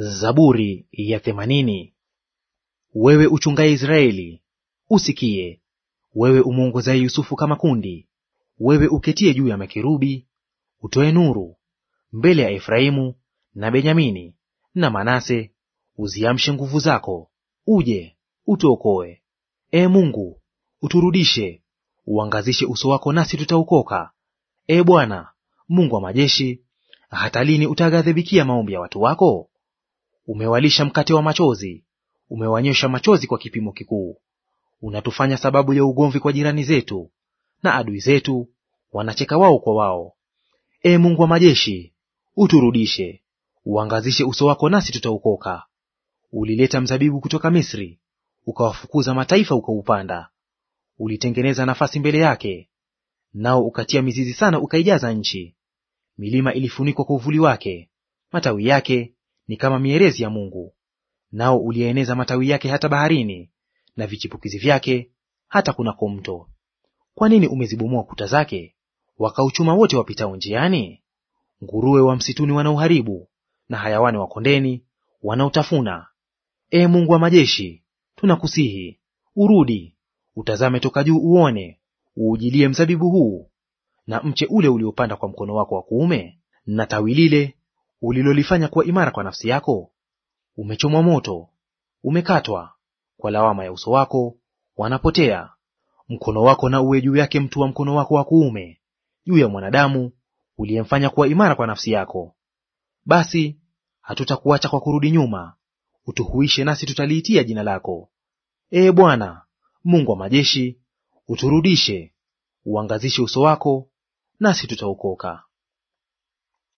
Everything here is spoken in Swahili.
Zaburi ya themanini. Wewe uchungaye Israeli, usikie; wewe umwongozaye Yusufu kama kundi, wewe uketie juu ya makerubi, utoe nuru mbele ya Efraimu na Benyamini na Manase, uziamshe nguvu zako, uje utuokoe. e Mungu, uturudishe, uangazishe uso wako, nasi tutaukoka e Bwana Mungu wa majeshi, hata lini utaghadhibikia maombi ya watu wako? Umewalisha mkate wa machozi, umewanyosha machozi kwa kipimo kikuu. Unatufanya sababu ya ugomvi kwa jirani zetu, na adui zetu wanacheka wao kwa wao. Ee Mungu wa majeshi, uturudishe, uangazishe uso wako, nasi tutaukoka. Ulileta mzabibu kutoka Misri, ukawafukuza mataifa ukaupanda. Ulitengeneza nafasi mbele yake, nao ukatia mizizi sana ukaijaza nchi. Milima ilifunikwa kwa uvuli wake, matawi yake ni kama mierezi ya Mungu, nao ulieneza matawi yake hata baharini, na vichipukizi vyake hata kunako mto. Kwa nini umezibomoa kuta zake, wakauchuma wote wapitao njiani? Nguruwe wa msituni wanauharibu, na hayawani wa kondeni wanautafuna. E Mungu wa majeshi, tunakusihi urudi, utazame toka juu, uone, uujilie mzabibu huu na mche ule uliopanda kwa mkono wako wa kuume na tawi lile ulilolifanya kuwa imara kwa nafsi yako, umechomwa moto, umekatwa; kwa lawama ya uso wako wanapotea. Mkono wako na uwe juu yake mtu wa mkono wako wa kuume, juu ya mwanadamu uliyemfanya kuwa imara kwa nafsi yako. Basi hatutakuacha kwa kurudi nyuma, utuhuishe nasi tutaliitia jina lako. Ee Bwana Mungu wa majeshi, uturudishe, uangazishe uso wako nasi tutaokoka.